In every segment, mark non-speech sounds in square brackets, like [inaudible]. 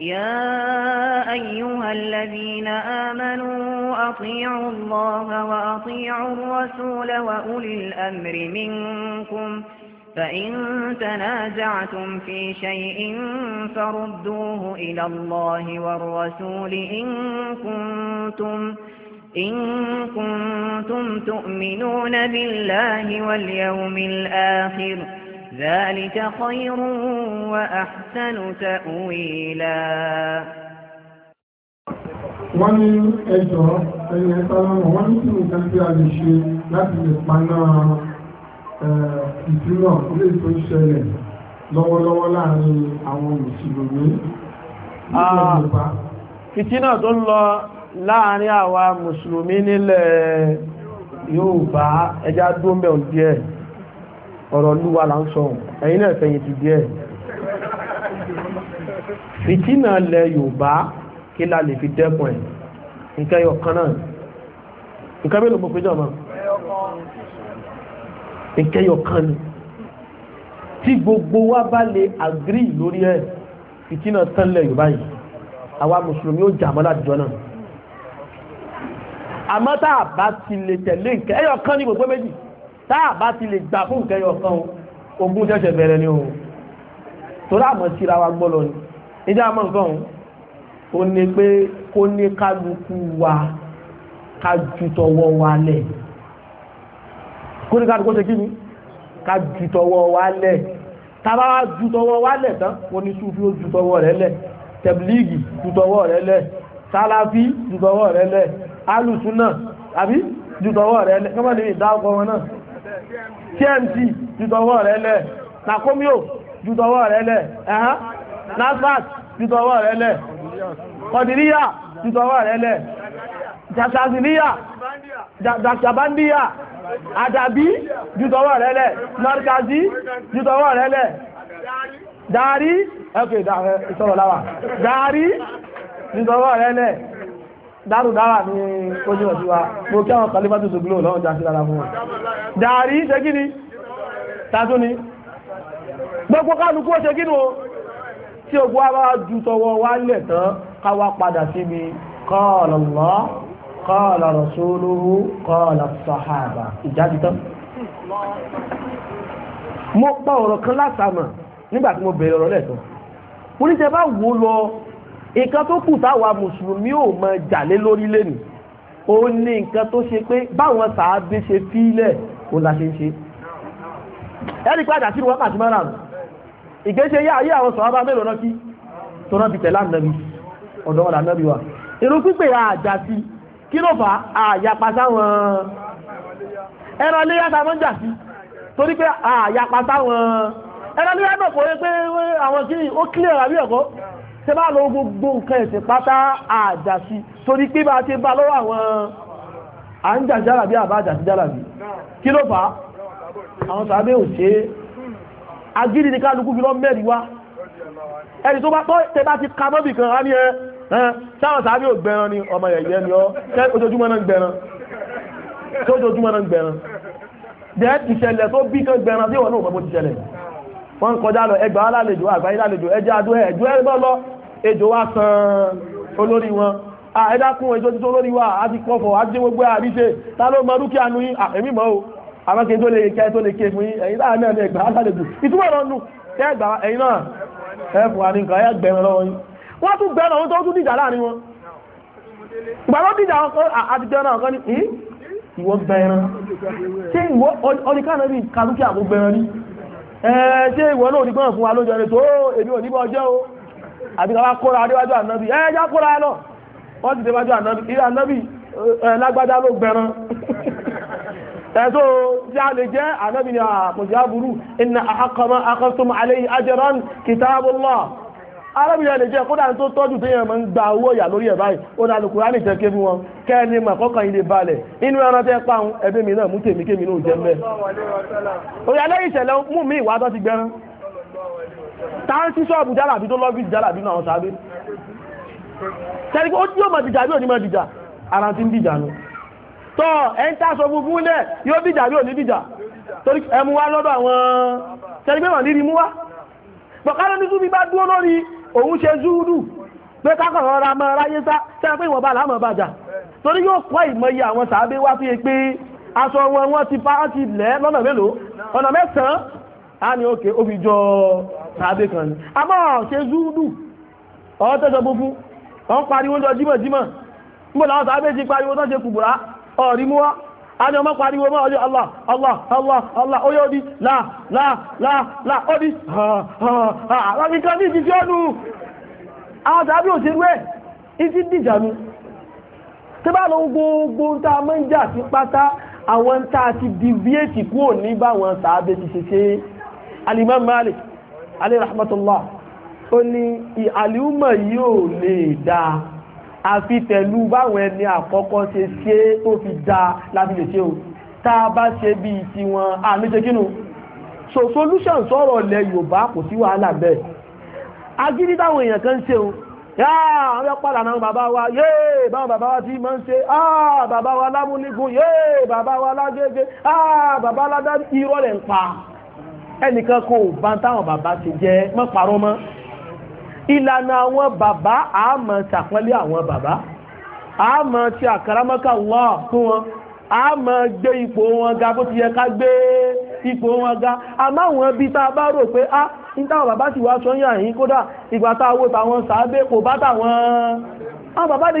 يا ايها الذين امنوا اطيعوا الله واطيعوا الرسول واولي الامر منكم فان تنازعتم في شيء فردوه الى الله والرسول ان كنتم إن كنتم تؤمنون بالله واليوم الآخر ذلك خير وأحسن تأويلا wọ́n ní ẹjọ́ ẹni ẹ̀tọ́lọ́rùn wọ́n ní kí nǹkan tí a lè ṣe láti lè paná ìdúnà ilé tó ṣẹlẹ̀ lọ́wọ́lọ́wọ́ láàrin àwọn mùsùlùmí ah, fìtínà tó ń lọ láàrin àwa mùsùlùmí nílẹ̀ Yorùbá ẹjá dúnbẹ̀ díẹ̀ ọ̀rọ̀ lúwa là ń sọ ẹ̀yin náà fẹ̀yìn ti díẹ̀ fìtínà lẹ Yorùbá kí la lè fi dẹ́kun ẹ̀ nǹkan ẹyọ kan náà nǹkan mélòó mo péjọ mọ́ nǹkan ẹyọ kan ni tí gbogbo wa bá lè agírí lórí ẹ̀ fìtínà tán lẹ Yorùbá yìí àwa mùsùlùmí ó jà mọ́ látijọ́ náà àmọ́ tá a bá ti lè tẹ̀lé nǹkan ẹyọ kan ní gbogbo méjì táà bá ti lè gbà fún ìkẹyọ kan ogun ṣẹ̀ṣẹ̀ bẹ̀rẹ̀ ni ohun tó láàmọ̀ síra wa gbọ́lọ ni ìjá mọ́ nǹkan ò ní pé kó ní kálukú wa kájútọwọ́ wa lẹ̀ kó ní kálukú ṣe kí ni kájútọwọ́ wa lẹ̀ tàbá wá jútọwọ́ wa lẹ̀ tán kó ní súfí ó jútọwọ́ rẹ̀ lẹ̀ tẹ̀blígì jútọwọ́ rẹ̀ lẹ̀ sáláfí jútọwọ́ rẹ̀ lẹ̀ alùsúnà àbí jútọwọ́ rẹ̀ lẹ̀ kọ́mọ́ tmt jùtọ̀wọ́ rẹ̀ lẹ̀ nakomio jùtọ̀wọ́ rẹ̀ lẹ̀ ẹ̀hán nasfat jùtọ̀wọ́ rẹ̀ lẹ̀ kọdìríyà jùtọ̀wọ́ rẹ̀ lẹ̀ jasaziliya jasabandiya adabi jùtọ̀wọ́ rẹ̀ lẹ̀ markazi jùtọ̀wọ́ rẹ̀ lẹ̀ dari ok ìsọ̀rọ̀ láwà dari jùtọ̀wọ́ rẹ̀ lẹ̀ dárùdára ní ojú ọ̀sí wa mo kí àwọn kàlífà tó ṣùgbọ́n lọ́wọ́ já sí lára fún wọn dàrí ṣe kí ni tàtún ni gbogbo kálukú ó ṣe kí o tí ogun a bá ju tọwọ́ wá lẹ̀ tán káwá padà síbi qala Allah qala rasuluhu qala sahaba ìjáde tán mo pa ọ̀rọ̀ kan lásàmà nígbà tí mo bẹ̀rẹ̀ ọ̀rọ̀ lẹ̀ tán mo ní nǹkan tó kù táwa mùsùlùmí ò mọ jàlé lórí lẹ́nu ó ní nǹkan tó ṣe pé báwọn sàábé ṣe fílẹ̀ ó la ṣe ń ṣe ẹni padà sí wọn kàtí mọ́ra ìgbésẹ̀ yá ayé àwọn sọ̀rọ̀ mélòó náà kí tó náà fi tẹ̀lé ànábi ọ̀dọ́ ọ̀dà ànábi wa irun pípé àjà sí kí ló fà á àyàpá sáwọn ẹran iléyà táwọn ń jà sí torí pé àyàpá sáwọn ẹran iléyà náà kò rí pé àwọn kí ni ó clear àbí ẹ̀kọ́ Se bá lọ gbogbo nǹkan ẹ̀sìn pátá àjàsí torí pé bá ti bá lọ́wọ́ àwọn à ń jà jálàbí àbá àjàsí jálàbí kí ló fà àwọn sàbẹ̀ ò ṣe é agídí ni kálukú fi lọ mẹ́rin wá ẹni tó bá tọ́ tẹ bá ti ka mọ́bì kan á ní ẹ sáwọn sàbẹ̀ ò gbẹran ni ọmọ yẹ̀yẹ́ ni ọ ojoojúmọ́ náà gbẹran tó ojoojúmọ́ náà gbẹran jẹ́ ìṣẹ̀lẹ̀ tó bí kan gbẹran bí wọn náà mọ́ bó ti ṣẹlẹ̀ wọ́n kọjá lọ ẹgbàá lálejò àgbáyé lálejò ẹjẹ́ adó ẹjọ́ ẹgbọ́ lọ ejò wá san olórí wọn ẹ̀dákun ejò títọ́ olórí wa a ti pọ̀fọ̀ a ti gbogbo àríṣẹ́ ta ló mọ dúkìá nu yín èmi mọ́ o àmọ́kẹ́ tó lè kẹ́ tó lè ké fún yín ẹ̀yin láàrin náà ẹgbàá lálejò ìtumọ̀ lọ nù ẹgbà ẹ̀yin náà ẹ̀fù wa ní nǹkan ẹ̀ gbẹ̀rún lọ́wọ́ yín wọ́n tún gbẹ̀rún àwọn tó tún dìjà láàrin wọn ìgbà ló dìjà àti gbẹ̀rún àwọn kan ní ìwọ gbẹ̀rún ṣé ìwọ ọdíkànnà àbí káwá kóra adéwájú ànábì ẹ ẹjá kóra ẹ náà wọ́n ti déwájú ànábì ilé ànábì lágbádá ló gbẹran [laughs] ẹ̀tọ́ tí a lè jẹ́ ànábì ni àkùnjẹ́ aburú inna àkọ́mọ́ akọ́sọ́mọ́ alayhi ajran kitabullah arábìnrin ẹni jẹ́ kódà tó tọ́jú tó yẹn mọ́ ń gba owó ìyà lórí ẹ̀ báyìí ó dá lùkùrá nì jẹ́ kébí wọn kẹ́ni mọ̀ kọ́kàn ilé balẹ̀ inú ẹran tẹ́ pa àwọn ẹbí mi náà mú tèmi kémi náà jẹ́ mẹ́ òyàlẹ́yìn ìṣẹ̀lẹ̀ mú mi ìwà tó ti gbẹ́rán táà ń sí ṣọ́ọ̀bù jálàbí tó lọ́gbí jálàbí náà sàábé tẹ́lẹ̀kọ́ ó tí ó mọ̀ dìjà bí ò ní mọ̀ dìjà ara ti ń dìjà nù tọ́ ẹ̀ ń tàṣọ gbogbo lẹ̀ yóò dìjà bí ò ní dìjà torí ẹmu wá lọ́dọ̀ àwọn tẹ́lẹ̀kọ́ wọ̀n nírí mú wá pọ̀kálọ́ ní súnmi bá dúró lórí òun ṣe zúúdù pé kákàn ọ̀rọ̀ àmọ́ ráyé sá tẹ́lẹ̀ pé ìwọ̀nba làmọ̀ bàjà torí yóò kọ́ ìmọ̀ye àwọn sàábé wá fi pé aṣọ wọn wọn ti pa á ti lẹ̀ lọ́nà mélòó ọ̀nà mẹ́sàn-án a ní òkè ó fi jọ tàbí kan ní a máa ṣe zúúdù ọ̀họ́ tẹ́sọ búfú ọ̀n pariwo jọ jímọ̀ jímọ̀ níbo láwọn tàbí ti pariwo tán ṣe kùbùrá ọ̀rí mú wá a ní ọmọ pariwo mọ́ ọjọ́ Allah Allah Allah Allah ó yóò di láà láà láà láà ha ha ha àwọn nǹkan ní ìdíjọ́ nù àwọn tàbí òṣèlú ẹ̀ ìdí dìjà nù tí bá lọ gbogbo tá a mọ́ ń jà sí pátá àwọn tá a ti deviate alimam malik alẹ́ rahmatullah ó ní àlìúmọ̀ yóò lè dá àfi pẹ̀lú báwọn ẹni àkọ́kọ́ ṣe ṣe tó fi dá láti lè ṣe o tá bá ṣe bí ti wọn àmìṣe kínú so solution sọ̀rọ̀ lẹ Yorùbá kò sí wàhálà bẹ́ẹ̀ agídí táwọn èèyàn kan ṣe o yáà àwọn ọpàdà náà bàbá wa yéè báwọn bàbá wa tí ma ń ṣe àà ah, bàbá wa lámúnigun yéè bàbá wa lágége àà ah, bàbá ládárí irọ́ ń pa ẹnìkan kò bá táwọn bàbá ti jẹ mọ́ mọ́ ìlànà àwọn bàbá àmọ́ ṣàpọ́nlé àwọn bàbá àmọ́ ti àkàràmọ́kà Allah fún wọn àmọ́ gbé ipò wọn ga bó ti yẹ ká gbé ipò wọn ga àmọ́ àwọn bí tá bá rò pé á ah, nítawọn bàbá ti wá kódà ìgbà táwọn táwọn sàábé kò bá táwọn àwọn bàbá lè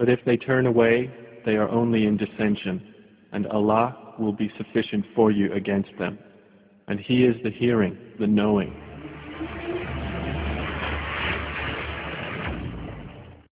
But if they turn away, they are only in dissension, and Allah will be sufficient for you against them. And He is the hearing, the knowing.